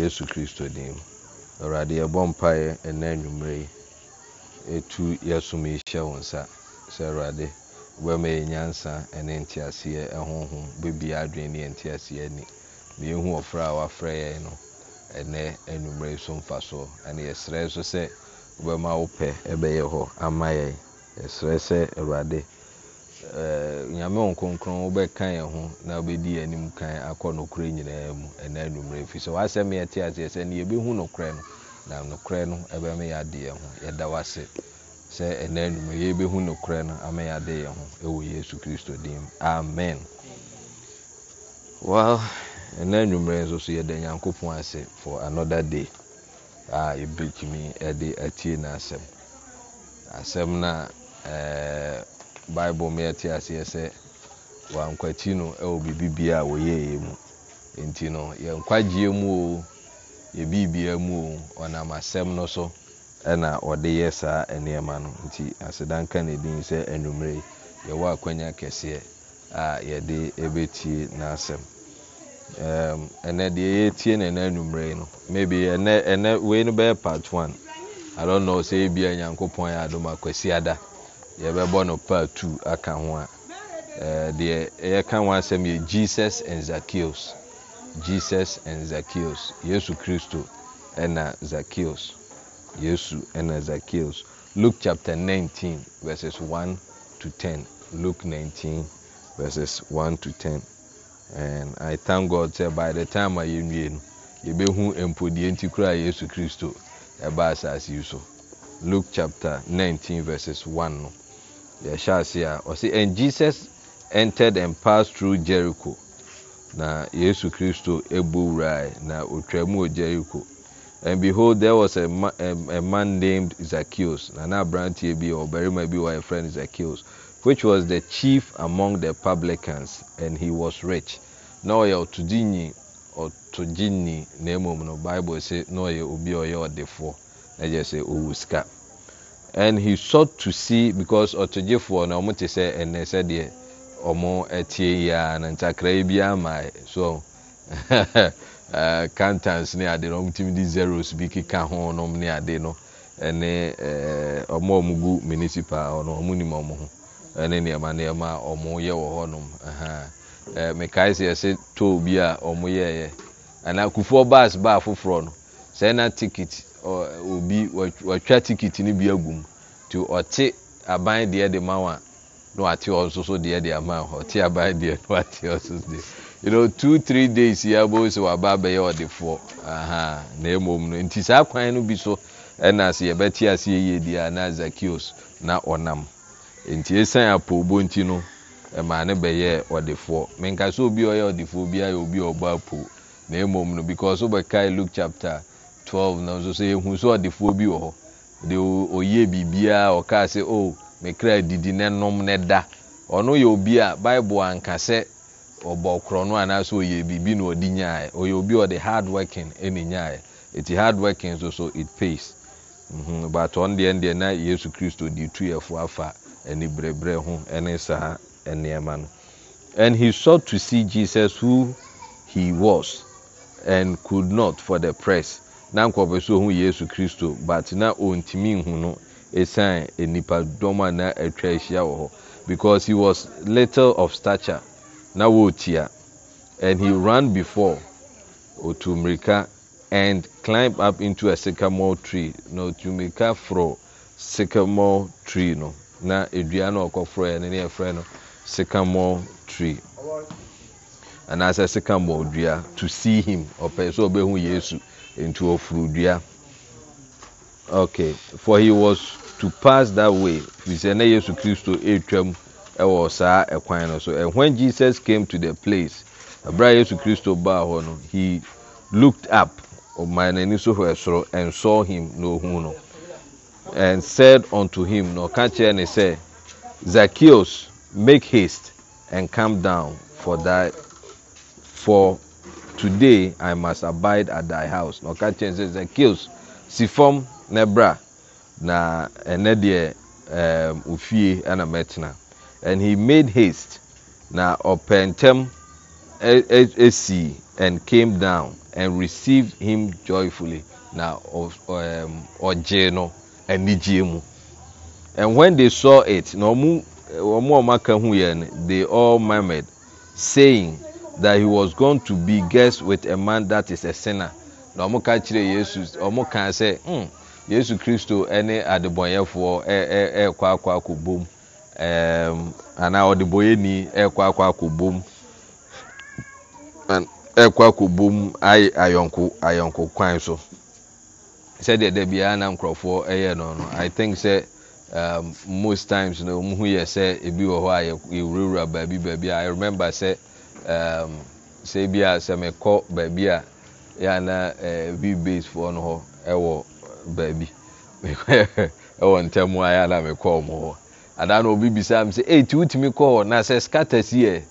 yesu kristo dim awurade yɛbɔ mpaeɛ ɛna anwummerɛ yi ɛtu yɛsom yi hyɛ wo nsa sɛ awurade wobɛma yɛ nyansa ɛne nteaseɛ ɛhonhom bɛbia adwene ne yɛnteaseɛ ani na yɛhu ɔfrɛ a wafrɛ yɛn no ɛnɛ anwummerɛ yi so mfa soɔ ɛne yɛsrɛ so sɛ wobɛma wo pɛ ɛbɛyɛ hɔ ama yɛn yɛsrɛ sɛ awurade Eh, nyame ɔnkronkron kan yɛ ho na di wobɛdi anim kan akɔ nokorɛ nyinaa mu ɛna anummerɛ fi sɛ wasɛm yɛte aseɛ sɛ ne yɛbɛhu nokorɛ no na nokorɛ no ɛbɛma yɛ adeɛ ho yɛda wase sɛ ɛna anummerɛ yɛbɛhu nokorɛ no ama yɛ ade yɛ ho ɛwɔ yesu kristo din amen well ɛna anwummerɛ nso so yɛda nyankopɔn ase for another day a yɛbɛtumi de atie no asɛm na no bible mu yɛte ase sɛ wankwakyi no wɔ biribibia a wɔyɛɛ mu nti no yɛnkwagyeɛ mu o yɛbiribia mu o ɔnam asɛm no so ɛna ɔde yɛ saa nneɛma no nti asedanka ne din sɛ anwummerɛ yɛwɔ akwanya kɛseɛ a yɛde ɛbɛtie n'asɛm ɛnɛ deɛ yɛtie no ɛnɛ anwummerɛ no maybe ɛnɛ ɛnɛ wei no bɛyɛ part one i don't know sɛ ebi a nyankopɔn yɛ adom akwasiada. ada yɛbɛbɔ no part two aka ho a deɛ yɛka ho asɛm yɛ jesus and zacchaeus jesus and zacchaeus yesu kristo ɛna zacchaeus yesu ɛna zacchaeus luke chapter 19 verses 1 to 10 luke 19 verses 1 to 10 and i thank god say by the time a yɛnwie no yɛbɛhu mpodeɛ nti koraa yesu kristo ɛba asase yi so luke chapter 19 verses 1 no yɛhyɛ ase a ɔsi and jesus entered and passed through jericho na yesu kristo ebu wurai na otwa mu wɔ jericho and behold there was a, ma a, a man named zacchaeus na na aberanteɛ bi ɔbarima bi wɔ yɛfrɛ no zacchaeus which was the chief among the publicans and he was rich na ɔyɛ ɔtodinyi ɔtodinyi na emom no bible say na ɔyɛ obi a ɔyɛ ɔdefoɔ na yɛ sɛ owu sika. and he sought to see because ɔtɔgyefoɔ na ɔmo te sɛ ɛnɛ sɛdeɛ ɔmo ɛtie yi a na ntakra yi bi ama so cantans uh, ne ade no ɔmo timi di zeros bi keka ho nom ne ade no ɛne ɛɛ uh, ɔmo a ɔmo gu municipal ɔno ɔmo nim ɔmo ho ɛne nneɛma nneɛma a ɔmo yɛ wɔ hɔ nom ɛɛ mekae sɛ yɛsɛ tool bi a ɔmo yɛɛyɛ anaa kufuo baas baa foforɔ no sɛ na ticket. obi watwa ticket no bi agu mu nti ɔte aban deɛ de ma wa na wate ɔso so deɛ de ama ɔte aban deɛ na wate ɔso so deɛ you know two three days yi abo sɛ waba abɛyɛ ɔdefoɔ aha na emom no nti saa kwan no bi so ɛna sɛ yɛbɛte aseɛ yie di a na zakios na ɔnam nti esan apɔ obo nti no ɛmaa ne bɛyɛ ɔdefoɔ menka so obi ɔyɛ ɔdefoɔ bi ayɛ obi ɔbɔ apɔ na emom no because ɔbɛkae luke chapter twelve na nso sɛ ehu sɛ ɔdefoɔ bi wɔ hɔ de oyie biribiara ɔkaa sɛ o oh, mekra didi ne nom ɔno yɛ obi a bible anka ɔbɔ korɔ no anaasɛ oyɛ biribi na ɔde nyaeɛ ɔyɛ obi ɔde hard working ɛna nyaeɛ eti hard working nso so it pays mhm, but ɔn deɛ deɛ na yesu kristo de tu yɛ fo afa ɛne brɛbrɛ ho ɛne saa ɛnneɛma no and he sought to see jesus who he was and could not for the press na nkɔfo so ohun yesu kristo but na ontimi nhu no esan nipa dɔm a na atwa ahyia wɔ hɔ because he was little of stature na wɔretia and he ran before otu mmirika and climbed up into a sycamore tree na otu mmirika foro sycamore tree no na edua na ɔkɔ foro yɛ ne ne yɛfrɛ no sycamore tree anaasɛ sycamore dua to see him ɔpɛ so ɔbɛhu yesu. Into ɔfuru okay for he was to pass that way We sɛ na to Christo etwam ɛwɔ saa a no so and when jesus came to the place abira yesu kristo baa hɔ no he looked up ɔman n'ani so and saw him no who no and said unto him no ɔka and ne sɛ zacchaeus make haste and come down for thy for today I must abide at thy house. Now, ɔka kyerɛ sɛ Zacchaeus si fam na na ɛnɛ um, And he made haste na opentem ntɛm esi and came down and received him joyfully. Na ojeno um, enijimu, And when they saw it, na wɔn a wɔaka ho they all murmured, saying. that he was going to be guest with a man that is a sinner na wɔn ka kyerɛ yesu wɔn ka sɛ hmm yesu kristo ne adebɔnyɛfoɔ ɛɛkɔ akɔ akɔbom ɛɛm anaa ɔdebɔnyɛni ɛɛkɔ akɔ akɔbom ɛɛkɔ akɔbom ayɛ ayɔnko ayɔnko kwan so sɛdeɛ dɛbi a na nkurɔfoɔ ɛyɛ no no i think sɛ um, most times no wɔn ho yɛ sɛ ebi wɔ hɔ a yɛ yɛwurawura baabi baabi a i remember sɛ. Ehm, sɛ bia sɛ mekɔ baabi a na eh, v base foɔ no hɔ ɛwɔ baabi ɛwɔ ntɛm a yɛana mekɔɔ mo hɔ anaa na obi bisa me sɛ ɛyi ti wotumi kɔ na sɛ scatters yɛ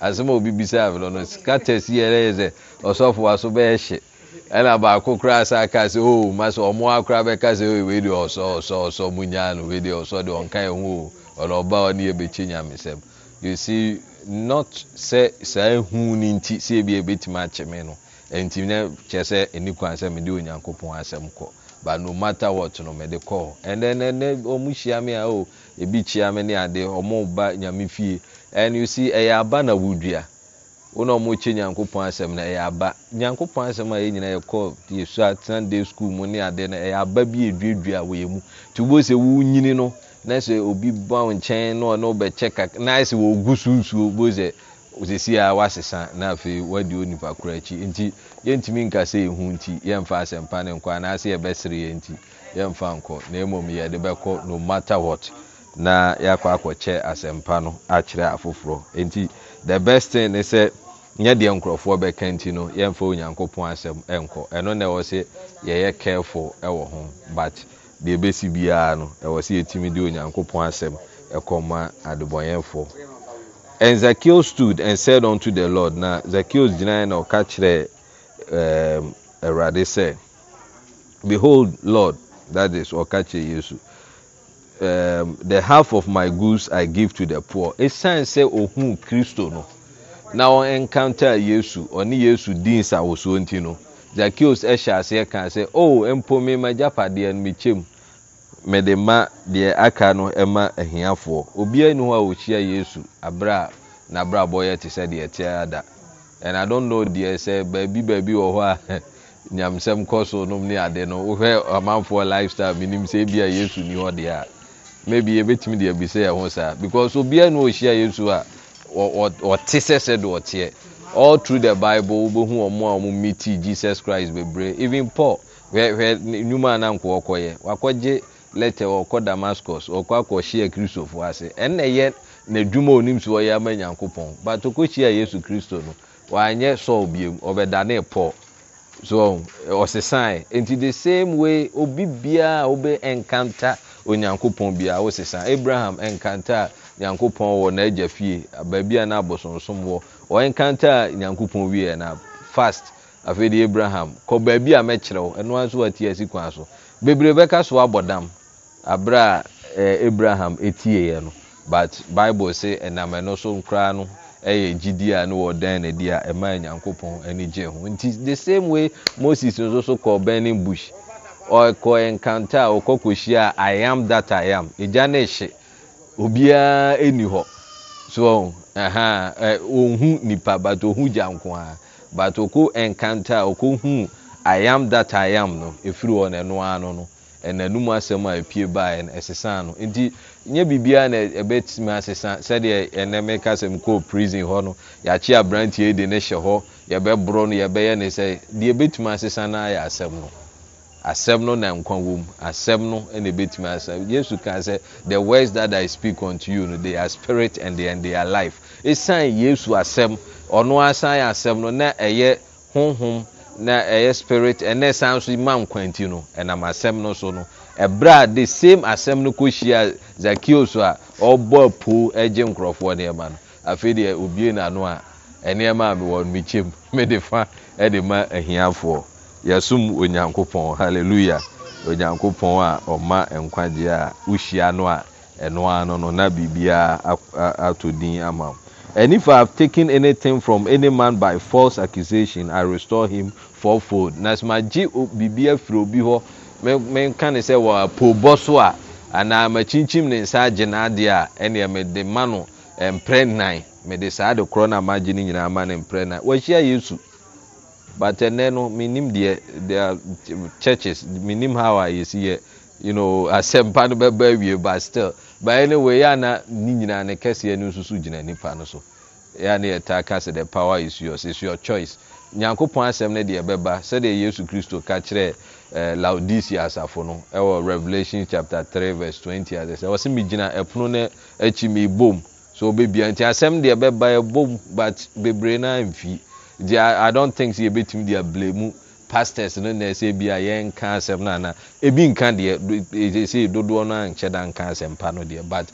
asɛm a obi bisaa me no no scatters yɛ ɛyɛ sɛ ɔsɔfo bɛyɛ ɛna baako aka sɛ o oh, ma sɛ ɔmo akora bɛka sɛ o ọ de ɔsɔ ɔsɔ ɔsɔ mu nyaa no de ɔsɔ de ɔnka ɛho o ɔne not sɛ saa hu ne nti sɛ ebi ebetumi akyɛ me no nti ne kyɛ sɛ ani kwan sɛ mede onyankopɔn asɛm kɔ but no matter what no mede kɔ and then and then ɔmo hyia me a o oh, ebi kyia me ne ade ɔmo ba nyame fie and you see ɛyɛ aba na wodua wọn a wɔn rekyɛ nyankopɔn asɛm no ɛyɛ aba nyankopɔn asɛm a yɛn nyinaa yɛkɔ yɛsu atena day school mu ne ade no ɛyɛ aba bi eduadua wɔ yɛn mu tubose wɔn nyini no na sɛ obi ba wo nkyɛn na ɔno bɛkyɛ kak na sɛ wɔgu so nsuo bo sɛ osisi a wasesa na afei wadi onipa koro akyi nti yɛntumi nka sɛ ehu nti yɛmfa asɛmpa ne nkɔ anaasɛ yɛbɛsere yɛn nti yɛmfa nkɔ na emom yɛde bɛkɔ no matter what na yɛakɔ akɔkyɛ asɛmpa no akyerɛ afoforɔ nti the best thing ne sɛ nyɛ deɛ nkurɔfoɔ bɛka nti no yɛmfa onyankopɔn asɛm nkɔ ɛno na ɛwɔ sɛ yɛyɛ careful ɛwɔ ho but deɛ ɛbɛsi biara no ɛwɔ sɛ yɛtumi de onyankopɔn asɛm ɛkɔma adebɔyɛfoɔ and zacchaeus stood and said unto the lord na zacchaeus gyinaeɛ na ɔka kyerɛ um, awurade sɛ behold lord that is ɔka kyerɛ yesu um, the half of my goods i give to the poor ɛsiane sɛ ohun kristo no na ɔn encounter yesu ɔne yesu din sa wosoɔ nti no zacchaeus ɛhyɛ aseɛ kaa sɛ o oh, mpo me ma gyapadeɛ no mekyɛm mede ma deɛ aka no ɛma ahiafoɔ obiara ni hɔ a wɔhyia yesu abera n'abrabɔ yɛ te sɛ deɛ ɛte ada and i don't know deɛ sɛ baabi baabi wɔ hɔ a nyamsɛm kɔ so nom ne ade no wohwɛ amanfoɔ lifestyle menim sɛ ebi a yesu ni hɔ deɛ a maybe yɛbɛtumi deɛ bisa yɛn ho saa because obiara ni ɔhyia yesu a ɔte sɛ sɛ deɛ ɔteɛ all through the bible wobɛhu wɔn a wɔn meeti jesus christ bebree even paul hwɛhwɛ nnwuma a nanko ɔkɔyɛ wakɔgye letter ɔkɔ damascus ɔkɔ akɔhyia kristofo ase ɛnna ɛyɛ n'adwuma a onim si ɔyɛ ama nyankopɔn but ɔkɔhyia yesu kristo no wanyɛ sɔɔ biem ɔbɛdane paul so ɔsesan nti the same way obi biara obe wobɛ nkanta onyankopɔn biara wosesan abraham nkanta a nyankopɔn wɔ n'agya fie baabi a n'abosonsom wɔ. ɔyɛ nkanta nyankopɔn wieɛ na fast afei abraham kɔ baabi a mɛkyerɛ wo ɛno a nso wati asi kwan so bebree bɛka so abɔ dam abrɛ a eh, abraham ɛtieeɛ no but bible sɛ ɛnam ɛno so nkoraa no ɛyɛ gidi a dan na di a ɛma nyankopɔn ani gye ho nti the same way moses nso so kɔ burning bush ɔkɔ nkanta a ɔkɔ kɔhyia a i am that i am ɛgya ne hye obiara ɛni hɔ so ɔnhu eh, nipa but ɔhu gya nko a but ɔkɔ nkanta a ɔkɔ hu i am that i am no ɛfiri hɔ no ano no ɛnanum asɛm a ɛpie baeɛ no ɛsesa no nti nyɛ biribiara na ɛbɛtumi asesa sɛdeɛ ɛnɛ meka sɛm kɔɔ prison hɔ no yɛakye aberanteɛ de ne hyɛ hɔ yɛbɛborɔ no yɛbɛyɛ ne sɛ deɛ ɛbɛtumi asesa no ayɛ asɛm no asɛm no na nkwa wɔ asɛm no na ɛbɛtumi asɛm yesu kaa sɛ the words that i speak unto you no they are spirit and they, and they are life ɛsiane yesu asɛm ɔno asan yɛ asɛm no na ɛyɛ honhom na ɛyɛ spirit ɛnɛ san so ma nkwanti no ɛnam asɛm no so no ɛbrɛ a the same asɛm no kɔhyia zakeo so a ɔbɔ apo agye nkurɔfoɔ nneɛma no afei deɛ obie n'ano a nneɛma a mewɔ no mekyɛm mede fa de ma ahiafoɔ yɛsom onyankopɔn hallelujah onyankopɔn a ɔma nkwagyeɛ a wohyia no a ɛnoa no no na biribiara atɔ din ama wo And if I have taken anything from any man by false accusation, I restore him fourfold. Na sima gye biribi afiri obi hɔ menka ne sɛ wɔ apobɔ so a anaa makyinkyim ne nsa agye n'adeɛ a ɛnea mede ma no mprɛ nnan mede saa de korɔ na magye ne nyinaa ma no mprɛ nnan wɔahyia yesu but ɛnɛ no menim deɛ their churches menim how a yɛsi yɛ you know asɛmpa no bɛba awie but still bae no wei a na ne nyinaa ne kɛseɛ no nsusu gyina nipa no so ɛa ne yɛtaa ka sɛ the power is yours is your choice nyankopɔn asɛm no deɛ ɛbɛba sɛdeɛ yesu kristo ka kyerɛ eh, laodicea asafo no ɛwɔ revelation chapter three verse twenty 20 asɛ sɛ wɔsɛ megyina ɛpono no akyi mebom so obɛbia nti asɛm deɛ ɛbɛba ɛbom but bebree no amfi nti i don't think sɛ yɛbɛtumi de ablɛ mu pastors no na ɛsɛ bi a yɛnka asɛm no ana ebi nka deɛ ɛsɛ e, e, dodoɔ no ankyɛ da nka asɛm pa no deɛ but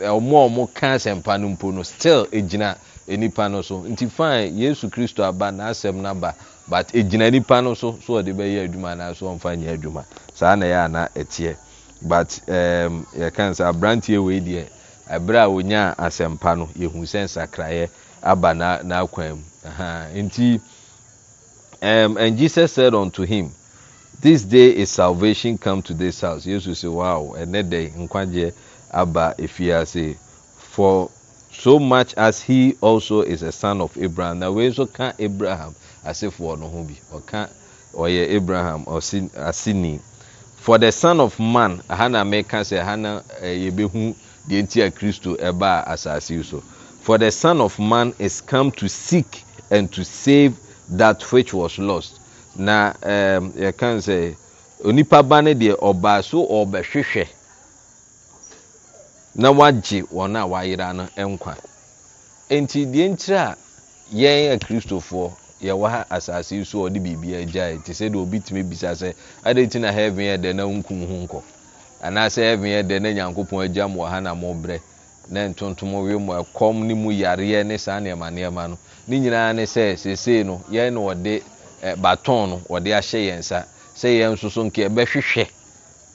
ɔmo a ɔmo ka asɛm pa no mpo no still egyina nipa no so nti fine yesu kristo aba n'asɛm n'aba but egyina nipa no so so ɔde bɛyɛ adwuma anaasɛ ɔmfa nyɛ adwuma saa na ɛyɛ ana ɛteɛ but ɛɛm yɛka nsa aberanteɛ wei deɛ ɛbrɛ a onyaa asɛm pa no yehu sɛ nsakraeɛ aba na n'akwan mu nti. Um, and Jesus said unto him, This day is salvation come to this house. Jesus said, Wow, and that day, Nkwaje Abba if Ifiase, for so much as he also is a son of Abraham. Now, we also can Abraham, as if for no hobby, or can or yeah, Abraham or Asini. For the son of man, Hana make say, Hana eh, Yebehu, the entire Christo Eba as I so. For the son of man is come to seek and to save that which was lost na um, yɛkan sɛ onipa ba no deɛ ɔbaa so ɔbɛhwehwɛ na wagye wɔn a wayera no nkwa nti deɛ nkyerɛ a yɛn kristofoɔ yɛwɔ ha asase so ɔde biribiara gyae te sɛ deɛ obi tumi bisa sɛ adeɛ ti na heaven yɛ dɛ na nkum ho nkɔ anaasɛ heaven yɛ dɛ na nyankopɔn agya mu wɔ ha na mo brɛ na ntontom wie mu ɛkɔm ne mu yareɛ ne saa nneɛma nneɛma no ne nyinaa ne sɛ seesei no yɛn na wɔde ɛ baton no wɔde ahyɛ yɛn nsa sɛ yɛn nso so nka yɛbɛhwehwɛ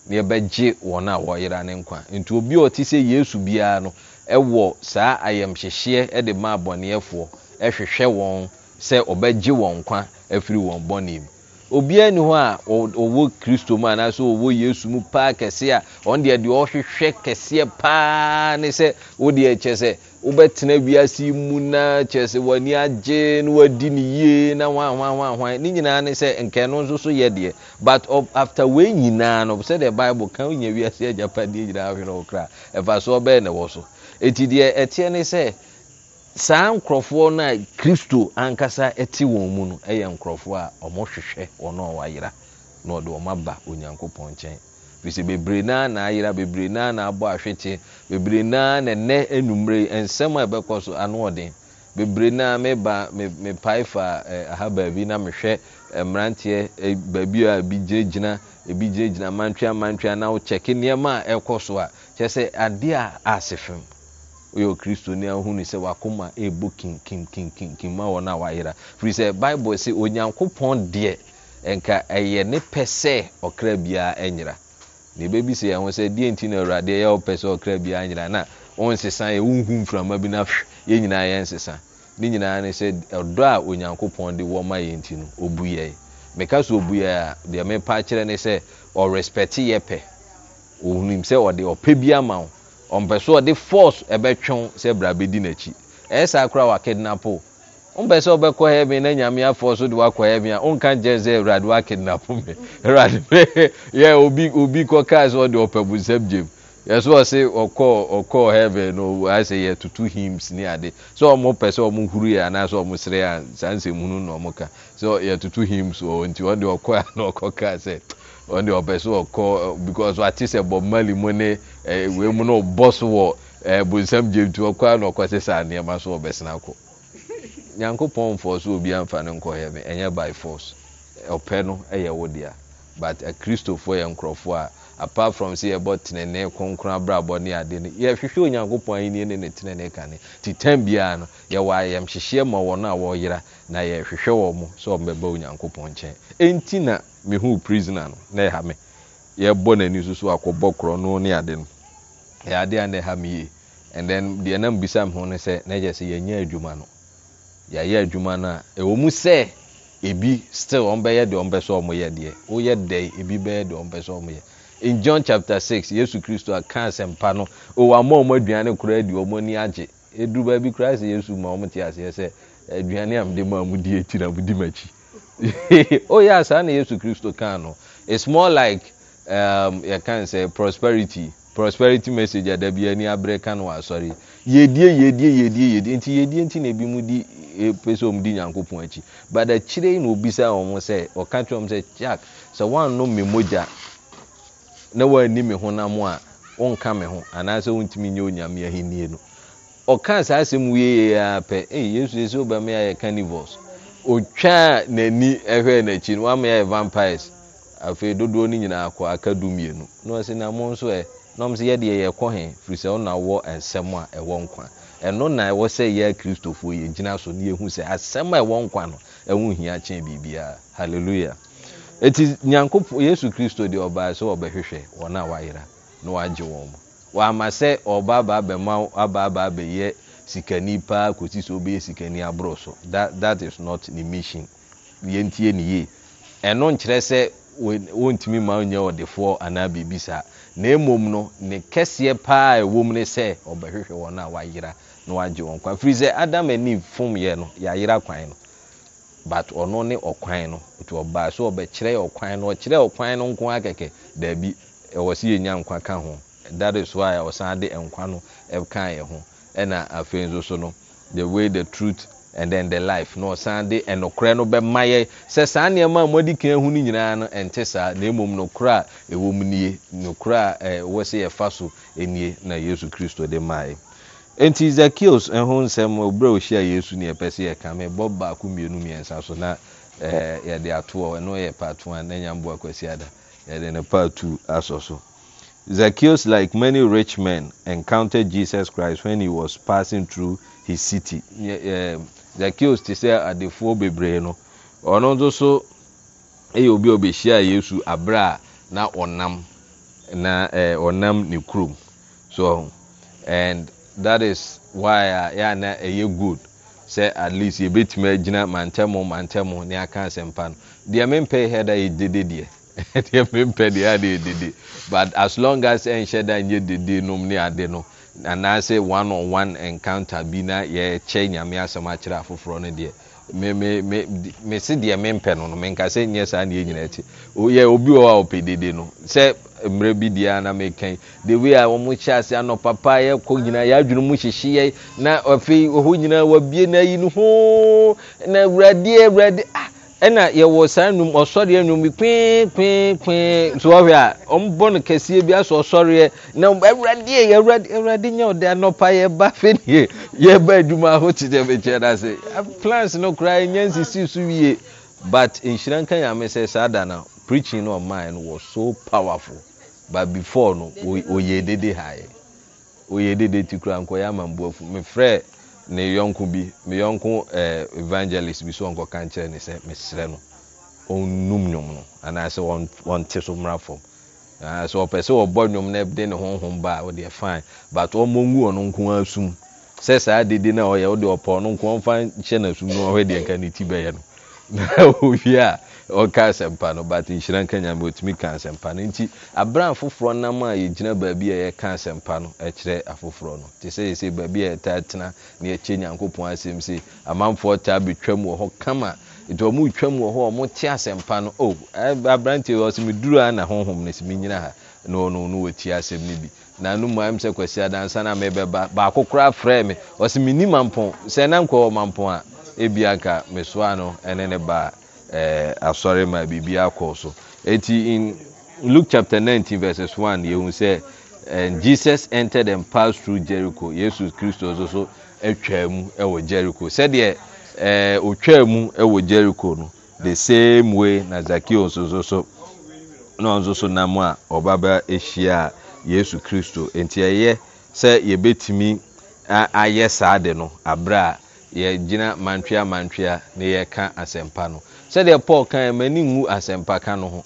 na yɛbɛgye wɔn a wɔyera ne nkwa nti obi a ɔte sɛ yesu biara no ɛwɔ saa ayamhyehyeɛ ɛde maa bɔnɛɛfoɔ ɛhwehwɛ wɔn sɛ ɔbɛgye wɔn nkwa ɛfiri wɔn bɔnɛɛ mu obiara ni hɔ a ɔwɔ kristo mu anaasɛ ɔwɔ yesu mu paa kɛseɛ a ɔno deɛ deɛ ɔhwehwɛ kɛseɛ paa ne sɛ wodeɛ kyɛ sɛ wobɛtena wiase mu na kyɛ sɛ w'ani agye na wadi ne yie na hwanhwanhwanhwan ne nyinaa ne sɛ nkɛno nso so yɛ deɛ but after wei nyinaa no sɛdeɛ bible kan wonya wiase agyapadeɛ nyinaa hwene wo kora ɛfa so ɔbɛyɛ ne wɔ so eti deɛ ɛteɛ ne sɛ saa nkurɔfoɔ no a kristo ankasa ɛte wɔn mu no ɛyɛ nkurɔfoɔ a ɔmohwehwɛ ɔno ɔwayera na ɔde ɔm aba onyankopɔn nkyɛn firi sɛ bebree naa naayera bebree naa naabɔ ahwete bebree naa nɛnɛ enumere nsɛm a ɛbɛkɔ so anoɔden bebree naa meba mepae fa aha baabi na mehwɛ mmeranteɛ baabi a ebi gyinagyina ebi gyinagyina mantwea mantwea na wokyɛke nneɛma a ɛkɔ so a kyerɛ sɛ adeɛ a ase fam woyɛ okristoni a wohunu sɛ wakoma ɛbɔ kinkimkinkimkim ma wɔn a wayera firi sɛ bible sɛ onyankopɔn deɛ ɛnka ɛyɛ ne pɛ sɛ ɔkra biara ɛnyera deɛ ɛbɛbi sɛ ɛho sɛ deɛ nti na awurade ɛyɛ ɔpɛ sɛ ɔkra biara nyera na ɔnsesa yɛ wonhu mframa bi na hwɛ yɛn nyinaa yɛ nsesa ne nyinaa ne sɛ ɔdɔ a onyankopɔn de wɔ ma yɛn ti no ɔbu yɛ meka so ɔbu yɛ a deɛ mepa kyerɛ ne sɛ ɔrespɛte yɛ pɛ ɔhunim ɔmpɛ so ɔde force ɛbɛtwɛn sɛ brabɛdi n'akyi ɛyɛ saa koraa wa mpɛ sɛ ɔbɛkɔ heaven na nyame afɔ so de wakɔ heaven a nka nkyɛn sɛ awurade wakidnapo mi awurade yɛ obi obi kɔ kaa sɛ ɔde ɔpɛ gyem yɛsɛ ɔsɛ ɔkɔ ɔkɔ heaven no ade sɛ ɔmo pɛ sɛ ɔmo huru a na ɔmo ka sɛ yɛtutu hymns wɔ wɔn deɛ ɔpɛ so ɔkɔ because wate sɛ bɔ mmali mu ne ɛɛ wei mu no ɔbɔ so wɔ ɛɛ bonsam gyemtu ɔkɔ a na ɔkɔ sisa nneɛma so ɔbɛsena kɔ nyankopɔn mfɔ so obi amfa ne nkɔ yɛ mi ɛnyɛ by force ɔpɛ no ɛyɛ wo dea but akristofoɔ yɛ nkorɔfoɔ a. apart from say yɛbɔ tenene kronkron abrabɔ ne ade no yɛhwehwɛ onyankopɔn ahenni ne ne tenene kane ka biara no yɛwɔ ayamhyehyeɛ ma wɔn a wɔyera na yɛhwehwɛ wɔ mo sɛ nkyɛn na mehu prisoner no na ɛha e me yɛbɔ n'ani akɔbɔ korɔ no ne ade no ade a na ɛha e me yie and then deɛ na sɛ e yɛnyɛ adwuma no yɛayɛ adwuma no a ɛwɔ mu sɛ ebi still in john chapter six yesu kristo aka asɛmpa no owa ama ɔmo aduane koraa di ɔmo ani agye eduru baabi koraa sɛ yesu ma ɔmo te aseɛ sɛ aduane a mo de ma mo di ekyi na mo di m'akyi o yɛ asaa na yesu kristo kaa no it's more like um, yɛ kan sɛ prosperity prosperity message a dabi ani abere ka no asɔre yedie yedie yedie yedie nti yedie nti na ebi mu di epe sɛ ɔmo di nyankopɔn akyi but akyire yi na obi sɛ ɔmo sɛ ɔka kyerɛ ɔmo sɛ jack sɛ wɔn anum mi mogya na wɔanni me honam a wonka me ho anaasɛ wontumi nyɛ onyame ahennie no ɔka saa asɛm wie ya pɛ yesu yesu obama yɛ carnivores otwa n'ani ɛhwɛ n'akyi no wama yɛ vampires afei dodoɔ no nyinaa akɔ aka du mmienu na ɔsi na mo nso ɛ na ɔmo sɛ yɛdeɛ yɛ kɔ he firi sɛ ɔna wɔ nsɛm a ɛwɔ nkwa ɛno na ɛwɔ sɛ yɛ kristofoɔ yɛ gyina so na yɛhu sɛ asɛm a ɛwɔ nkwa no ɛho hia kyɛn biribiara hallelujah eti nyankopɔ yesu kristo deɛ ɔbaa sɛ ɔbɛhwehwɛ wɔn a wayera na wagye wɔn mu wama sɛ ɔba aba abɛma aba aba abɛyɛ sikani paa kòsi sɛ ɔbɛyɛ sikani aborɔ so that that is not ne mission yɛntie ne yie ɛno nkyerɛ sɛ wɔntumi ma nyɛ ɔdefoɔ anaa biribi saa na emom no ne kɛseɛ paa ɛwɔ mu ne sɛ ɔbɛhwehwɛ wɔn a wayera na wagye wɔn kwan firi sɛ adam and eve fom yɛ no yɛayera kwan no but ɔno ne ɔkwan no nti ɔbaa so ɔbɛkyerɛ ɔkwan no ɔkyerɛ ɔkwan no nko akɛkɛ daabi ɛwɔ si yɛ nkwa ka ho that is why ɔsan de nkwa no ɛka yɛ ho ɛna afei nso so no the way the truth and then the life na ɔsan de ɛnokorɛ no bɛma yɛ sɛ saa nneɛma a wɔde kan ho no nyinaa no ɛnte saa na emom nokorɛ a ɛwɔ mu nie nokorɛ a ɛwɔ sɛ yɛfa so nie na yesu kristo de maa yɛ nti zekios ho nsɛm obere a ohyia yesu ne yɛpɛ sɛ yɛka mebɔ baako mmienu mmiɛnsa so na ɛɛ eh, yɛde atoɔ ɛno yɛ part one na nyamboa kwasi ada yɛde ne part two asɔ so zekios like many rich men encountered jesus christ when he was passing through his city ɛɛ eh, zekios te sɛ adefoɔ bebree no ɔno nso so ɛyɛ obi a obehyia yesu abere a na ɔnam na ɛɛ eh, ɔnam ne kurom so and that is why a yɛ ana ɛyɛ good sɛ at least yɛbɛtumi agyina mantɛmo mantɛmo ne aka asɛmpa no deɛ mempɛ yɛ da yɛ dede deɛ deɛ mempɛ deɛ ada yɛ dede but as long as ɛnhyɛ da nyɛ dede nom ne ade no anaasɛ one on one encounter bi na yɛkyɛ nyame asɛm akyerɛ afoforɔ no deɛ me me me me si deɛ mempɛ no no menka sɛ nyɛ saa deɛ nyina akyi yɛ obi wɔ a ɔpɛ dede no sɛ mmerɛ bi deɛ na meka the way a wɔn hyɛ ase anɔ papa yɛkɔ nyinaa yɛadwene mu hyehye yɛ na afei hɔ nyinaa wabie na ayi no hoo na awuradeɛ awurade ah ɛna yɛwɔ saa nnum ɔsɔre nnum bi kpekpekpe so ɔhwɛ a ɔmbɔ no kɛseɛ bi asɔ ɔsɔreɛ na awuradeɛ awurade awurade nyɛ ɔde anɔpa yɛba fɛnie yɛba adwuma ho kyekyɛ bɛkyɛ no ase plans no koraa ɛnyɛ nsisi so wie but nhyira nka nyame sɛ saa da no preaching no ɔmaa no wɔ so powerful but before no oyɛ dede haeɛ oyɛ dede ti koraa nkɔyɛ amambuafo mefrɛ ne yɔnko bi me yɔnko ɛɛ eh, evangelist bi so ɔnkɔ ka nkyɛn ne sɛ mesrɛ no ɔnum nnwom no anaasɛ wɔn wɔn te so mmra fam anaasɛ ɔpɛ sɛ ɔbɔ nnwom na de ne honhom ba a ɔdeɛ fine but ɔmo ngu ɔno nko asum sɛ saa didi na ɔyɛ ɔde ɔpɔ ɔno nko ɔnfa nhyɛ n'asum na ɔhwɛ deɛ nka ne ti bɛyɛ no na owie a ɔka asɛmpa no but nhyira nka nyame ɔtumi ka asɛmpa no nti abran foforɔ nam a yɛgyina baabi a yɛka asɛmpa no kyerɛ afoforɔ no te sɛ yɛsɛ baabi a yɛtaa tena na yɛkyɛ nyankopɔn asɛm sɛ amanfoɔ taa bɛtwam wɔ hɔ kama nti ɔmo twam wɔ hɔ ɔmo te asɛmpa no o oh, aberanteɛ wɔ sɛ meduru a na honhom no sɛ menyina ha na ɔno no wɔtie asɛm no bi na no mu ayam sɛ kwasi adansa na mebɛba baako koraa frɛ me ɔsɛ menim mampɔn sɛ na nkɔ wɔ mampɔn a ebi anka mesoa no ɛne ne baa ɛɛ eh, asɔre ma biribi akɔ so eti in luke chapter nineteen verses one yehu sɛ ɛɛ eh, jesus entered and passed through jericho yesu kristo nso so atwa mu jericho sɛdeɛ ɛɛ eh, otwa mu ɛwɔ jericho no the same way na zakio nso so na ɔnso so nam a ɔba bɛ ahyia a yesu kristo nti ɛyɛ sɛ yɛbɛtumi ayɛ saa de no abere a yɛgyina mantwea mantwea na yɛka asɛmpa no sɛdeɛ paul kan yɛ m'ani nwu asɛmpa ka no ho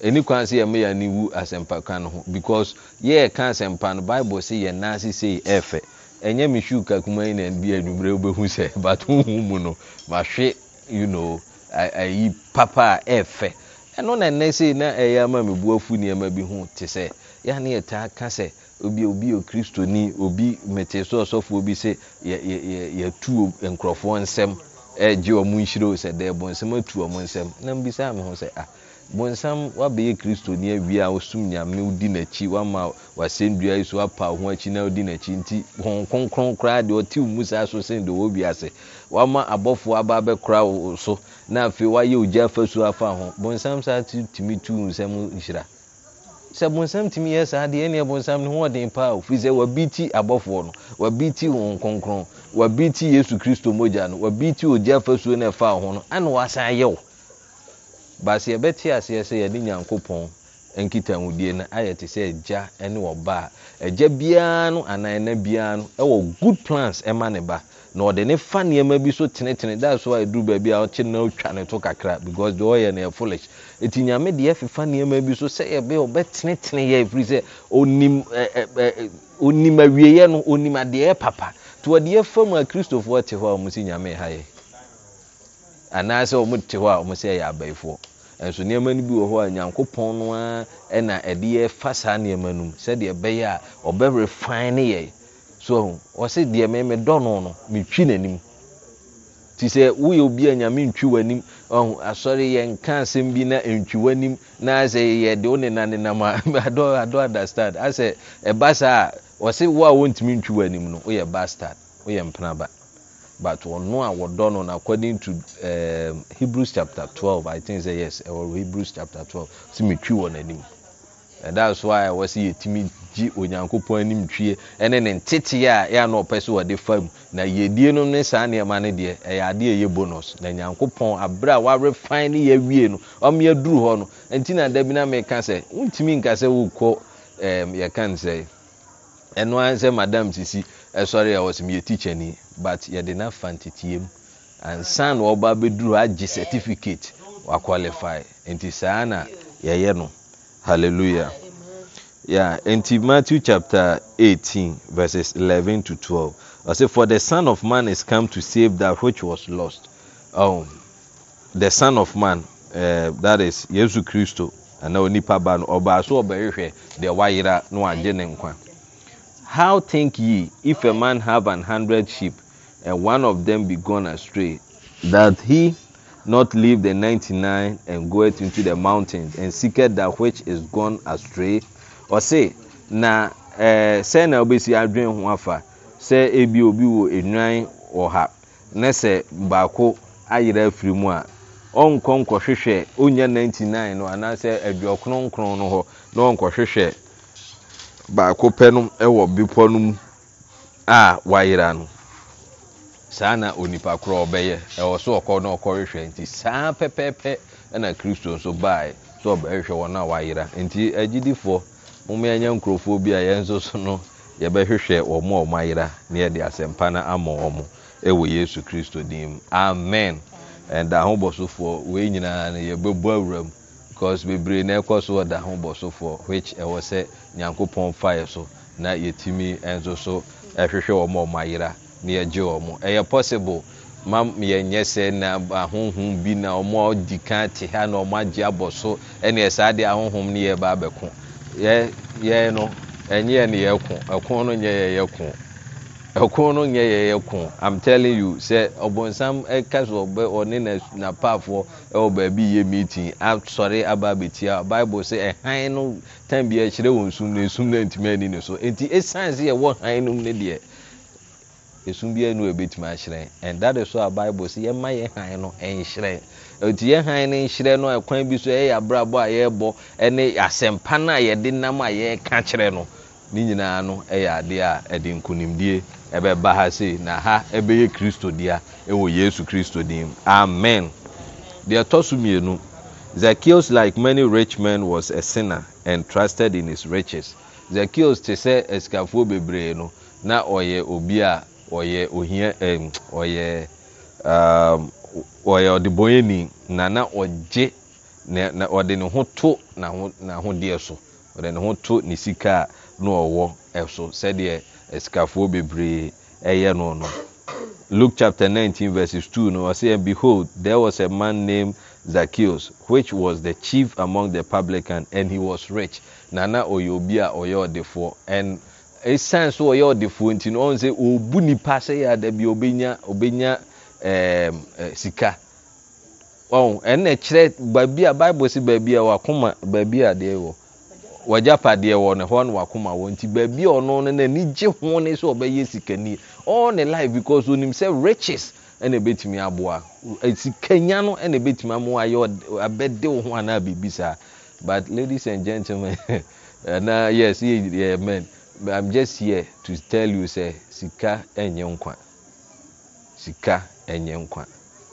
ɛni kwan sɛ yɛ meyɛ ani wu asɛmpa ka no ho because yɛ ka asɛmpa no bible sɛ yɛ nan sisei ɛfɛ ɛnyɛ me hwiw kakuma yi na bi adwumire wobɛhu sɛ but wohu mu no mahwe you know ayi papa a ɛfɛ ɛno na ɛnɛ sei na ɛyɛ ama mebu afu nneɛma bi ho te sɛ yɛane yɛtaa ka sɛ obi obi okristoni obi mete so ɔsɔfoɔ bi sɛ yɛtu nkurɔfoɔ nsɛm ɛgye wɔn nhyire sɛ dɛ bɔnsɛm atu wɔn nsam na mbisa mi ho sɛ ah bɔnsɛm wabɛyɛ kristo awie a wosum nyame wodi n'akyi wama wasɛn dua yi so apa ho akyi na wodi n'akyi nti wɔn kronkron koraa deɛ ɔte mu saa so sɛn deɛ ɔwɔ wiase wama abɔfo aba abɛkora wɔ so na afei wayɛ ogya afasu afa ho bɔnsɛm saa tumi tu nsɛm nhyira sɛ bonsam tumi yɛ saa deɛ ɛne bonsam no ho ɔden paa ofiri sɛ wabi ti abɔfoɔ no wabi ti wɔn kronkron wabi ti yesu kristo mogya no wabi ti ogya fasuo no ɛfa ho no ana wasan yɛ wo baasi yɛbɛte aseɛ sɛ yɛde nyankopɔn nkitahudie no ayɛ te sɛ agya ne ɔbaa agya biara no anaa ɛna biara no ɛwɔ good plans ɛma ne ba na ɔde ne fa nneɛma bi so tenetene that's why edu baabi a ɔkye na otwa ne to kakra because deɛ ɔyɛ no yɛ foolish eti nyame deɛ ɛfefa nneɛma bi so sɛ yɛbɛ ɔbɛtenetene yɛ efiri sɛ onim ɛɛ ɛɛ onim awieɛ no onim adeɛ papa to ɔde ɛfa mu a kristofoɔ te hɔ a wɔn si nyame ha yɛ anaasɛ wɔn te hɔ a wɔn sɛ yɛ abayifoɔ nso nneɛma no bi wɔ hɔ a nyankopɔn no ara ɛna ɛde yɛ fa saa nneɛma no mu sɛdeɛ ɛbɛyɛ a ɔbɛ refine yɛ so ɔsi deɛ mɛmɛ dɔnno no metwi n'anim ti sɛ woyɛ obi a nyame ntwi w'anim ɔhun asɔre yɛ nka asɛm bi na ntwi w'anim na asɛ yɛ de o nenam nenam a i don i don understand asɛ ɛba saa ɔsi wo a wɔntumi ntwi w'anim no woyɛ bastard woyɛ mpenaba but ɔno a wɔdɔ no na according to um, hebrews chapter twelve i think say yes ɛwɔ hebrews chapter twelve si metwi wɔ n'anim and that's why wɔsi yɛ timi gye onyankopɔn animtwie ɛne ne nteteɛ a ɛyɛ na ɔpɛ so wɔde fam na yɛdie no ne saa nneɛma no deɛ ɛyɛ adeɛ ɛyɛ bonus na nyankopɔn abere a wɔarefine ne yɛawie no ɔmo yɛduru hɔ no nti na dabi na meka sɛ wontumi nka sɛ wokɔ ɛɛm yɛka ne ɛno ara madam sisi ɛsɔre a wɔsɛm yɛ tikya ni but yɛde na fa nteteɛ mu ansa na ɔba abɛduru agye certificate wakwalify nti saa na yɛyɛ no hallelujah. yeah in matthew chapter 18 verses 11 to 12 say, for the son of man is come to save that which was lost um, the son of man uh, that is yesu kristo anaa onipa ba no ɔbaa so ɔbɛhwehwɛ deɛ no na nkwa how think ye if a man have an hundred sheep and one of them be gone astray that he not leave the ninety-nine and goeth into the mountains and seeketh that which is gone astray ɔse na e, sɛ na wobɛsi adwene ho afa sɛ ebi obi wɔ nnuan wɔ ha na sɛ baako ayerɛ afiri mu a ɔnkɔ nkɔhwehwɛ ɔnya 99 no anaasɛ nkron no hɔ na ɔnkɔhwehwɛ baako pɛ no wɔ bepɔ no mu a wayera no saa na onipa korɔ ɔbɛyɛ ɛwɔ so ɔkɔ na ɔkɔhwehwɛ nti saa pɛpɛɛpɛ na kristo nso baeɛ sɛ ɔbɛhwehwɛ wɔn a wayera nti agyidifoɔ moma yɛnyɛ nkurɔfoɔ bi a yɛn nso so no yɛbɛhwehwɛ wɔ mo a ɔmo ayera na yɛde asɛmpa no ama ɔmo ɛwɔ yesu kristo din mu amen ɛda ahobɔsofoɔ wei nyinaa no yɛbɛbu awura mu because bebree na ɛkɔ so wɔ da ahobɔsofoɔ which ɛwɔ sɛ nyankopɔn faeɛ so na yɛtumi nso so ɛhwehwɛ wɔ mo a ɔmo ayera na yɛgye wɔ mo ɛyɛ possible mam yɛnyɛ sɛ na ahonhom bi na ɔmo a ɔdi kan te ha na ɔmo agye abɔ so ɛne ɛsaa yɛ yɛn no ɛnyɛ ne yɛ ko ɛko no nyɛ yɛ yɛ ko ɛko no nyɛ yɛ yɛ ko i'm telling you sɛ ɔbɔnsam ɛka so ɔbɛ ɔne na na napaafoɔ ɛwɔ baabi yɛ meeting asɔre aba a bible sɛ ɛhan no tan bi ɛkyerɛ wɔn sum na esum na ntoma ɛni ne so nti esan sɛ yɛwɔ han no mu ne deɛ esum bi ɛnu ebetumi ahyerɛn and that is why bible sɛ yɛma yɛ han no ɛnhyerɛn. ɛti yɛ hann ne nhyerɛ no kwan bi so yɛ abrabɔ a yɛrebɔ ɛne asɛmpa no a yɛde nam a yɛreka kyerɛ no ne nyinaa no yɛ adeɛ a yɛde nkonimdie ɛbɛba ha sei na ha bɛyɛ kristo dea ɛwɔ yesu kristo din amen deɛ ɛtɔ so mmienu Zacchaeus like many rich men was a sinner and trusted in his riches Zacchaeus te sɛ asikafoɔ bebree no na ɔyɛ obi a ɔyɛ ohia ɛm ɔyɛ ɛm. Um, ɔyɛ ɔdebɔyɛni na na ɔgye na ɔde ne ho to n'ahodeɛ so ɔde ne ho to ne sika na ɔwɔ ɛso sɛdeɛ sikafoɔ bebree ɛyɛ no no luke chapter nineteen verses two no ɔsɛ and behold there was a man named zacchaeus which was the chief among the publican and he was rich na na ɔyɛ obi a ɔyɛ ɔdefoɔ and esan so ɔyɛ ɔdefoɔ nti no ɔn sɛ ɔbu nipa sɛ yɛ adabi obenya obenya. Eh, sika ɔn ɛnna kyerɛ baabi a bible si baabi a wakoma baabi a deɛ wɔ wagyapadeɛ wɔ ne hɔ no wakoma wɔ nti baabi a ɔno no n'ani gye ho ne sɛ ɔbɛyɛ sikani all ne life because onim sɛ riches ɛna ebetumi aboa eh, sikanya no ɛna ebetumi amu ayɛ abɛde wo ho anaa biribi saa but ladies and gentlemen eh, na yes ye ye men i'm just here to tell you sɛ sika ɛnyɛ nkwa sika ɛnyɛ nkwa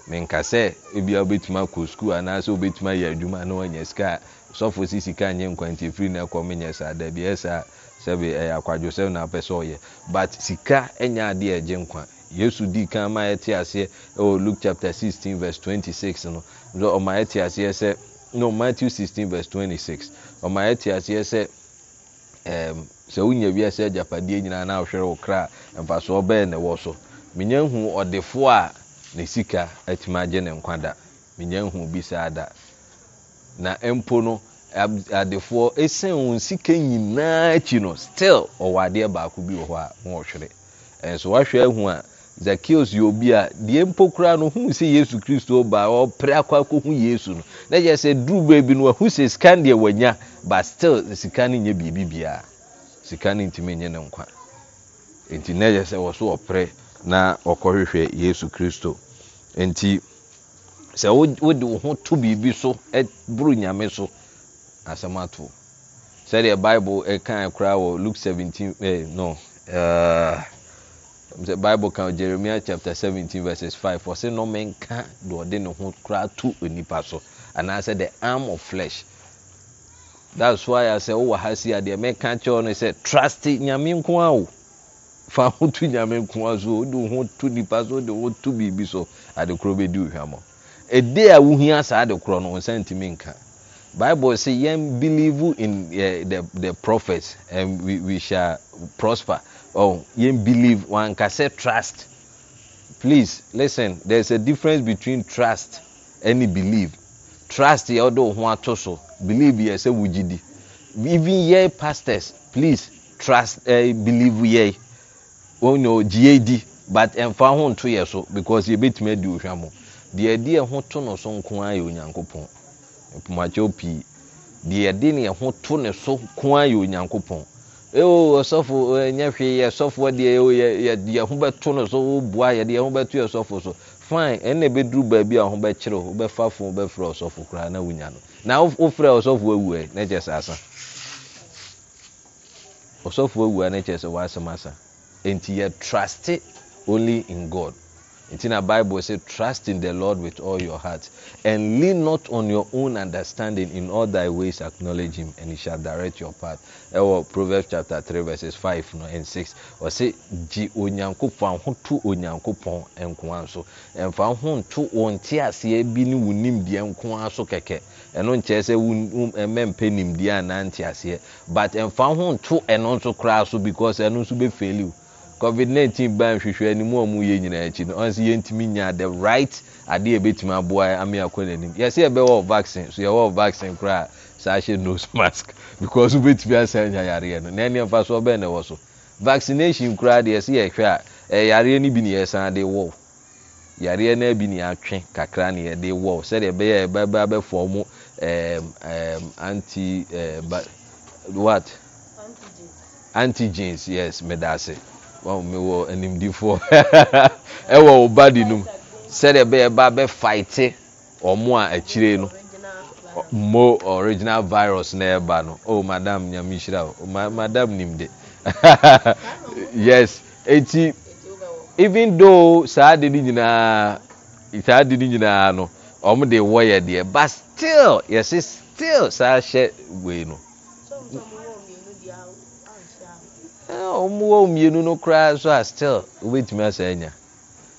menka sɛ ebi a wobɛtumi akɔ sukuu anaasɛ wobɛtumi ayɛ adwuma na wanya sika a sɔfo si sika nyɛ nkwa nti efiri na ɛkɔ menyɛ saa da bi ɛsɛ sɛbi ɛyɛ akwadwo sɛbi na apɛ sɛ ɔyɛ but sika ɛnyɛ adeɛ ɛgye nkwa yesu dii kan ma yɛte aseɛ ɛwɔ luke chapter sixteen verse twenty-six no ɔma yɛte aseɛ sɛ no matthew sixteen verse twenty-six ɔma yɛte aseɛ sɛ ɛɛm sɛ wonya wiase agyapadeɛ nyinaa na ahwɛrɛ wɔ kra mfasoɔ bɛyɛ na ɛwɔ so menya hu ɔdefoɔ a ne sika atumi agye ne nkwa da menya hu bi saa da na mpo no adefoɔ esan wɔn sika nyinaa akyi no still ɔwɔ adeɛ baako bi wɔ hɔ a wɔɔhwere nso wahwɛ ehu a zakios yɛ obi a deɛ mpo koraa no hu sɛ yesu kristo ba ɔpere akɔ akɔhu yesu no na yɛ sɛ duru beebi no wahu sɛ sika deɛ wanya but still sika no nyɛ biribi biara sika no ntumi nyɛ ne nkwa nti na yɛ sɛ wɔso ɔpere na ɔkɔhwehwɛ yesu kristo nti sɛ wode wo ho to biribi so boro nyame so asɛm ato sɛdeɛ bible ɛka koraa wɔ luke 17 eh, no uh, bible ka jeremia chapter 17 verses 5 ɔse nɔmenka deɛ ɔde ne ho koraa to onipa so anaasɛ the arm of flesh that's why asɛ wowɔ ha si a deɛ mɛka kyɛw no sɛ trust nyame nko a o fa ho tu nyame nkoa so wode wo ho to nipa so wode wo to biribi so adekorɔ bɛdi wo hwammɔ ɛde a wohia saa adekorɔ no wo nsa ntumi nka bible say yɛn believe in uh, the, the prophets and we, we shall prosper oh yɛn believe wanka sɛ trust please listen there is a difference between trust and believe trust yɛ ɔde wo ho ato so believe yɛ sɛ wogyidi even yɛ pastors please trust uh, believe yɛ. Yeah wɔn nyɛ gyie di but mfa ho nto yɛ so because yɛbɛtumi adi ohwɛ mo deɛ yɛde ɛho to no so nko ara yɛ onyankopɔn mpomakyɛw pii deɛ yɛde ne ɛho to ne so nko ara yɛ onyankopɔn ɛwɔ ɔsɔfo ɛnyɛ hwee ɛsɔfo deɛ yɛ yɛ ho bɛto no so ɔboa yɛde ɛho bɛto yɛ so fine ɛnna ɛbɛduru baabi a ɔho bɛkyerɛ o ɔbɛfa fo ɔbɛfrɛ ɔsɔfo koraa na wonya no na wofrɛ ɔsɔfo awu ɛ n'ɛkyɛ sa. asa ɔsɔfo awu ɛ n'ɛkyɛ sɛ wɔasɛm asa nti yɛ truste only in god nti na bible sɛ trust in the lord with all your heart and lean not on your own understanding in all thy ways acknowledge him and he shall direct your path ɛwɔ proverbs chapter three verses five no and six ɔsɛ gye onyankopɔn aho to onyankopɔn nkoa so mfa ho nto wɔn te aseɛ bi ne wɔn nimdeɛ nkoa so kɛkɛ ɛno nkyɛn sɛ wɔn mmɛmpɛ nimdeɛ anaa nte aseɛ but mfa ho nto ɛno nso koraa so because ɛno nso bɛ fail you covid nineteen ban hwehwɛ anim a ɔmo yɛ nyinaa akyi no ɔn sɛ yɛntumi nya the right adeɛ ɛbɛtumi aboa ame akɔ n'anim yɛsɛ yɛbɛwɔ vaccine so yɛwɔ vaccine koraa saa nose mask because wobɛtumi asan nya yareɛ no na ɛneɛ mfa so ɔbɛn na ɛwɔ so vaccination koraa deɛ yɛsɛ yɛhwɛ a ɛyareɛ no bi ne yɛsan de wɔw yareɛ no bi ne atwe kakra ne yɛde wɔw sɛdeɛ ɛbɛyɛ ɛbɛba bɛfɔ mo ɛɛm ɛɛm anti ɛɛ ba what antigens yes medase wɔn mi wɔ animdifoɔ ɛwɔ wɔn body no mu sɛdeɛ bɛyɛ ba bɛ faite ɔmo a akyire no mo original virus na ɛba no oh madam nyame hyira o Ma, madam nim de yes eti even though saa de ne nyinaa saa de ne nyinaa no ɔmo de wɔ yɛ deɛ but still yɛsi still saa hyɛ wei no. wɔwɔ mmienu no koraa so a still wobɛtumi asa anya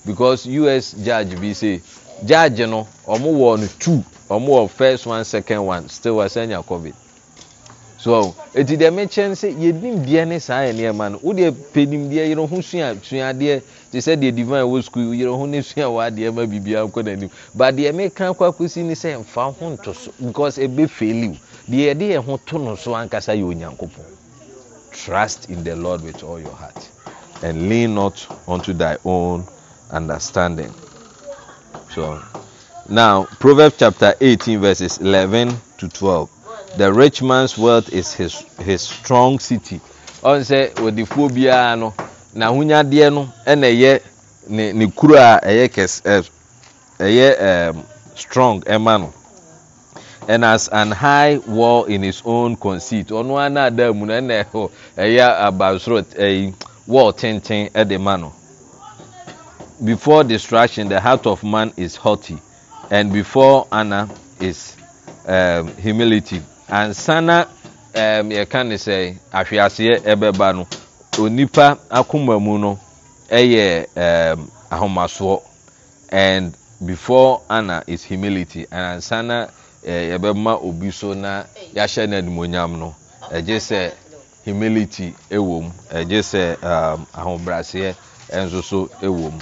because us judge bi say judge no ɔmo wɔ no two ɔmo wɔ first one second one still wɔasa anya covid so eti deɛ mekyɛn sɛ yɛnim deɛ ne saa yɛ nneɛma no wodeɛ pɛnimdeɛ yɛrɛ ho sua suadeɛ te sɛ deɛ divine wɔ sukuu yɛrɛ ho ne sua wɔ adeɛ ma biribiara nkɔ n'anim ba deɛ meka kɔ akɔsi ne sɛ mfa ho nto because ebe fɛliw deɛ yɛde yɛn ho to no so ankasa yɛ onyankopɔn. Trust in the Lord with all your heart and lean not unto thy own understanding. So, now, Proverbs chapter 18, verses 11 to 12. The rich man's wealth is his, his strong city. Ɔn with the biara no n'ahonyadeɛ no ɛna ɛyɛ ne ne kuro a ɛyɛ kɛse strong ɛma and as an high wall in his own conceit ɔno ana ada mu no ɛna ɛhɔ ɛyɛ abansoro ɛyi wall tenten ɛde ma no before destruction, the heart of man is haughty and before honor is um, humility ansana um, yɛka ne sɛ ahweaseɛ ɛbɛba no onipa akoma mu no ɛyɛ um, ahomasoɔ and before honor is humility and ansana. Eh, yɛbɛma obi so na yɛahyɛ no animonyam no ɛgye sɛ humility ɛwɔ mu ɛgye sɛ um, ahobraseɛ nso so ɛwɔ mu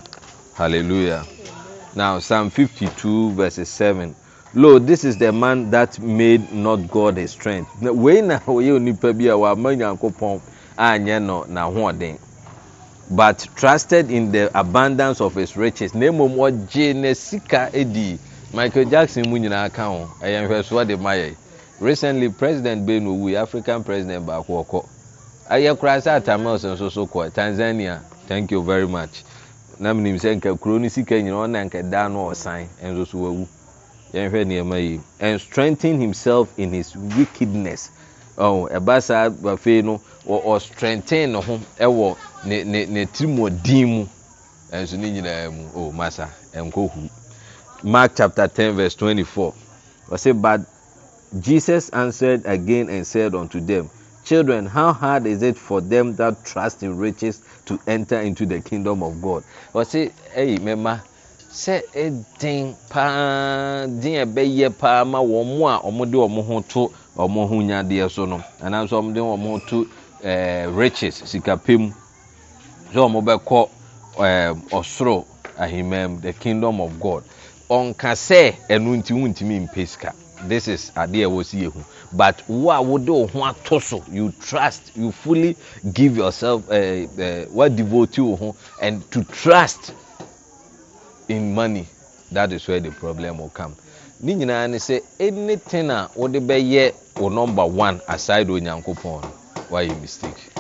hallelujah now psalm 52 verse 7 lo this is the man that made not god his strength na wei na ɔyɛ onipa bi a wama nyankopɔn anyɛ no n'ahoɔden but trusted in the abundance of his riches na mmom ɔgye ne sika edi michael jackson mu nyinaa ka ho ɛyɛ nhwɛsoɔ de ma yɛ recently president ben owu african president baako ɔkɔ ɛyɛ koraa sɛ atamels nso so kɔ tanzania thank you very much Nam menim sɛ nka kuro no sika nyina ɔna nka daa no ɔsan nso so wawu yɛnhwɛ nneɛma yi and strengthen himself in his wickedness ɔn ɛba saa afei no ɔ strengthen ne ho ɛwɔ ne ne ne tirimɔdin mu ɛnso ne nyinaa mu o oh, masa ɛnkɔ hu. Mark chapter 10, verse 24. I say, But Jesus answered again and said unto them, Children, how hard is it for them that trust in riches to enter into the kingdom of God? I say, Hey, mama. sɛ ɛden paa den ɛbɛyɛ paa ma wɔn mu a wɔde wɔn ho to wɔn ho nyadeɛ so no anaasɛ wɔde wɔn ho to ɛɛ eh, riches sika pɛm sɛ wɔn bɛkɔ ɛɛ eh, ɔsoro ahimaa the kingdom of God ɔnka sɛ ɛnu nti wuntumi mpe sika this is adeɛ ɛwɔ si ehu but wo a wode wo ho ato so you trust you fully give yourself uh, uh, wa devote wo ho and to trust in money that is where the problem will come ne nyinaa ne sɛ anything a wode bɛyɛ wo number one aside onyankopɔn Why you mistake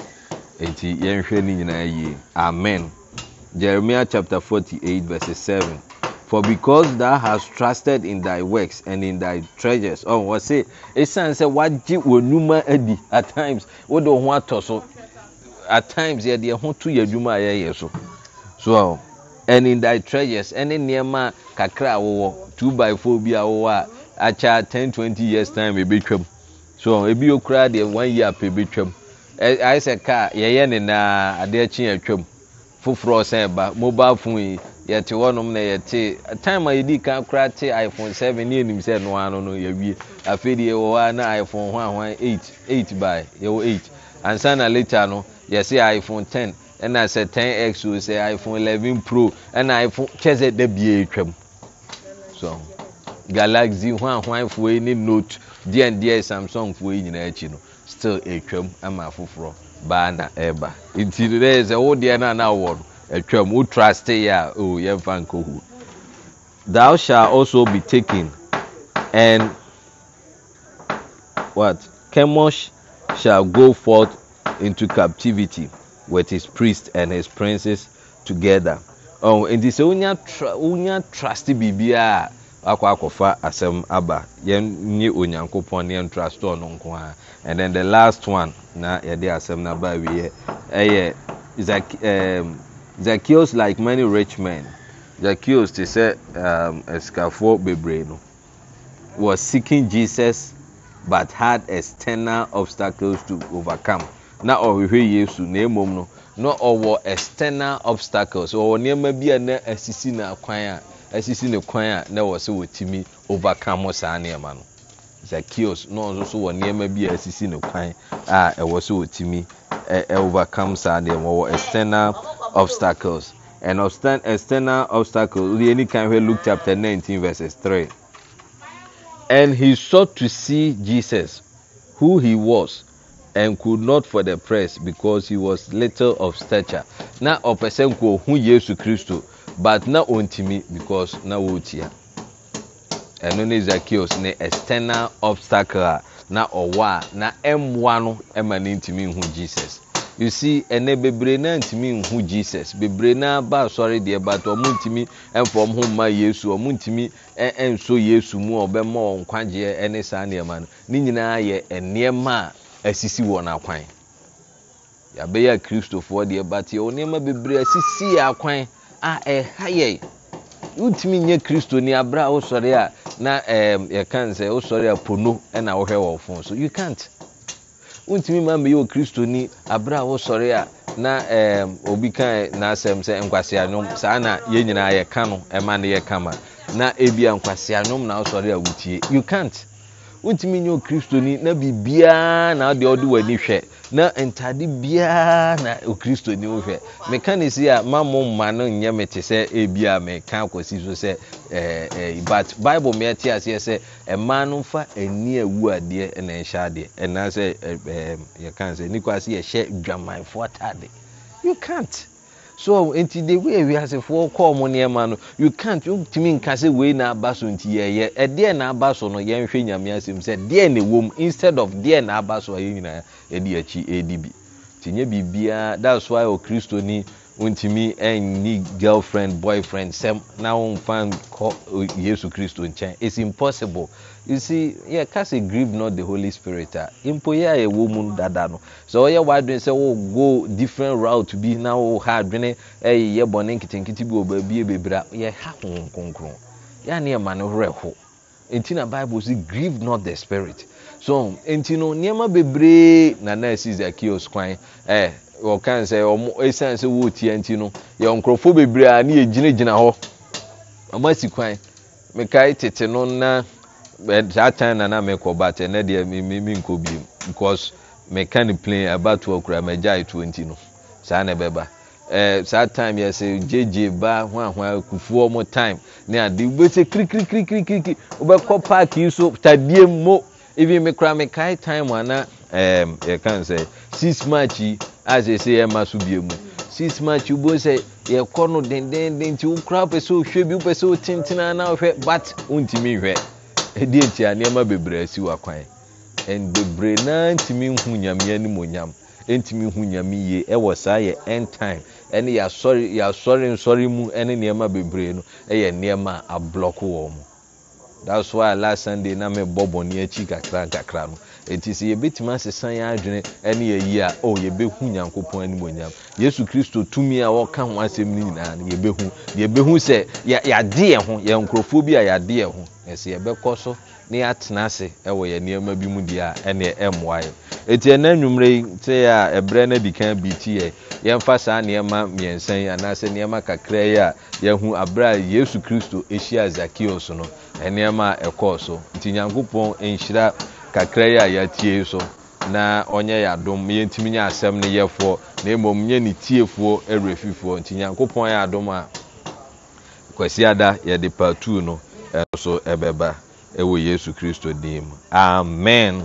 eti yɛnhwɛ ne nyinaa yie amen jeremiah chapter forty eight verse seven for because thou hast trusted in thy works and in thy treasures ɔn oh, wɔ se esan sɛ wagye wɔn numa adi at times wɔde wɔn ho atɔ so at times yɛde ɛho to yɛ adwuma a yɛyɛ so so and in thy treasures ɛne nneɛma kakra a two by four bi a wɔwɔ a akyɛ ten twenty years time ebetwam so ebi okura deɛ one year pɛ ebetwam ɛ ayɛ sɛ car yɛyɛ ne naa adeɛ kyen atwam foforɔ ɔsɛn ba mobile phone yi yɛte hɔnom na yɛte time a yɛdi kan koraa te iphone seven ne yɛnim sɛ noa no no yɛwie afei de yɛwɔ hɔ a na iphone ho ahoa eight eight by yɛwɔ eight ansa na later no yɛse iphone ten ɛna sɛ ten x o sɛ iphone eleven pro ɛna iphone kyɛ sɛ da bie twam so galaxy ho ahoa foɔ yi ne note deɛndeɛ samsung foɔ yi nyinaa akyi no still etwam ama afoforɔ baa na ɛɛba nti no dɛ sɛ wo deɛ no na awɔ no ɛtwam wo trust yɛ a o yɛmfa nkɔhu thou shall also be taken and what Kemosh shall go forth into captivity with his priests and his princes together ɔn oh, nti sɛ wonya tra wonya trust biribiara akɔ akɔfa asɛm aba yɛnye onyankopɔn ne yɛn trust ɔno nko ara and then the last one na yɛde asɛm n'aba awie ɛyɛ zak ɛɛm. Um, Zacchaeus like many rich men Zacchaeus te sɛ um, asikafoɔ bebree no was seeking Jesus but had external obstacles to overcome na ɔhwehwɛ Yesu na emom no na ɔwɔ external obstacles ɔwɔ nneɛma bi a na asisi na kwan a asisi ne kwan a na wɔ sɛ wɔtumi overcome saa nneɛma no Zacchaeus na ɔno nso wɔ nneɛma bi a asisi ne kwan a ɛwɔ sɛ wɔtumi ɛ overcome saa nneɛma ɔwɔ external obstacles and obstan- external obstacles we any kind of Luke chapter 19 verses 3 and he sought to see Jesus who he was and could not for the press because he was little of stature na ọpẹsẹ nkọ ohun Yesu Kristo but na ontimi because na wotia ɛno ne Zacchaeus ne external obstacle a na ɔwɔ a na ɛmmoa no ɛma ne Jesus. you see ɛnɛ bebree naa ntumi nhu jesus bebree naa ba asɔre deɛ but ɔmo ntumi ɛnfɔm ho mma yesu ɔmo ntumi ɛnso e, yesu mu ɔbɛma ọ kwagyeɛ ɛne saa nneɛma no ne nyinaa yẹ nneɛma a asisi wọn akwan yabɛyɛ kristofoɔ deɛ but yɛ wɔn nneɛma bebree asisi yɛ akwan a ɛha yɛ wotumi nye kristo ni abira wosɔre a na ɛɛm yɛ kan sɛ wosɔre a pono ɛna wɔhwɛ wɔn fon so you can't. wontumi ma meyɛ okristoni aberɛ a wosɔre a na obi ka n'asɛm sɛ nkwaseanom saa na yɛn nyinaa yɛka no ɛma no yɛ kama na ebia nkwaseanom na wosɔre a wotie you can't wontumi nyɛ okristoni na biribiara na ɔde ɔde w'ani hwɛ na ntade biara na okristoni wo hwɛ meka ne si a ma mo mma no nyɛ me te sɛ ebi a meka akɔsi so sɛ ɛɛ ɛɛ but bible mi ɛte aseɛ sɛ mmaa no fa ani awu adeɛ ɛna ɛhyɛ adeɛ ɛna sɛ ɛɛ ɛɛ yɛka sɛ nikwa si yɛhyɛ dwamanfoɔ ataade you can't so nti the way wiasefoɔ kɔ ɔmo nneɛma no you can't you tumi nka sɛ wei na aba so nti yɛyɛ ɛdeɛ na aba so no yɛnhwɛ nyame asɛm sɛ deɛ na ɛwɔ mu instead of deɛ na aba so a yɛn nyinaa yɛde akyi ɛredi bi nti biribiara that's why ɔkristoni. Oh, wontumi ɛnni girlfriend boyfriend sɛm na womfa nkɔ yesu kristo nkyɛn it's impossible you see yɛka sɛ grieve not the holy spirit ah. a mpo yɛ a yɛwɔ mu dada no sɛ wɔyɛ w'adwene sɛ go different route bi na wɔha adwene ɛyɛ bɔne nketenkete bi wɔ baabi bebree a yɛha honhom kronkron yɛa ne ɛma no werɛ ho nti na bible si grieve not the spirit so nti no nneɛma bebree na na ɛsi zakio kwan ɛɛ. Eh, wɔkan sɛ wɔn ɛsan sɛ wɔretia nti no yɛ nkurɔfoɔ bebree a ne yɛ gyinagyina hɔ wɔn asi kwan mekae tete no na saa time na na mekɔ but ɛnɛ deɛ mi mi mi nkɔ bi because meka ne plane abatoɔ kura mɛgya etoɔ nti no saa na ɛbɛba ɛɛ saa time yɛ sɛ gyegye ba hwahwa kufuo mo time ne ade wobɛsɛ kirikirikirikiri wobɛkɔ park yi so tadie mo ebi mekura mekae time ana ɛɛm yɛkan sɛ six march yi. asɛ sɛ yɛma so bie mụ six month sị sɛ dendenden nti wokora wopɛ sɛ bi na wohwɛ bat wontumi nhwɛ ịdị nti a nneema bebree si wakwan kwan bebree nhụnyam ntumi nhu nyame animonyam ntumi nhu ịwọ saa end time bebree eh, na ɛnti sɛ yɛbɛtumi asesa yɛn adwene ne yɛyi a o yɛbɛhu nyankopɔn animonyam yesu kristo tumi a wɔka ho asɛm no nyinaa no yɛbɛhu yɛbɛhu sɛ yɛade yɛn ho yɛn nkurɔfoɔ bi a yɛade yɛn ho ɛsɛ yɛbɛkɔ so na yɛatena ase wɔ yɛn nneɛma bi mu deɛ a ɛne ɛmmoa yɛn ɛti ɛna nnwummerɛ yi sɛ a ɛberɛ no adi kan bi ti yɛ yɛmfa saa nneɛma mmiɛnsa yi anaasɛ nneɛma kakra yi a yɛhu aberɛ a yesu kristo ɛhyia zakeo so no ɛnneɛma a e ɛkɔɔ so nti nyankopɔn nhyira kakra yi a yɛatie so na ɔnyɛ yɛ adom yɛntumi nyɛ asɛm no yɛfoɔ na mmom nyɛ ne tiefoɔ awerɛ fifoɔ nti nyankopɔn yɛ adom a kwasi ada yɛde patuu no ɛno so ɛbɛba ɛwɔ yesu kristo din mu amen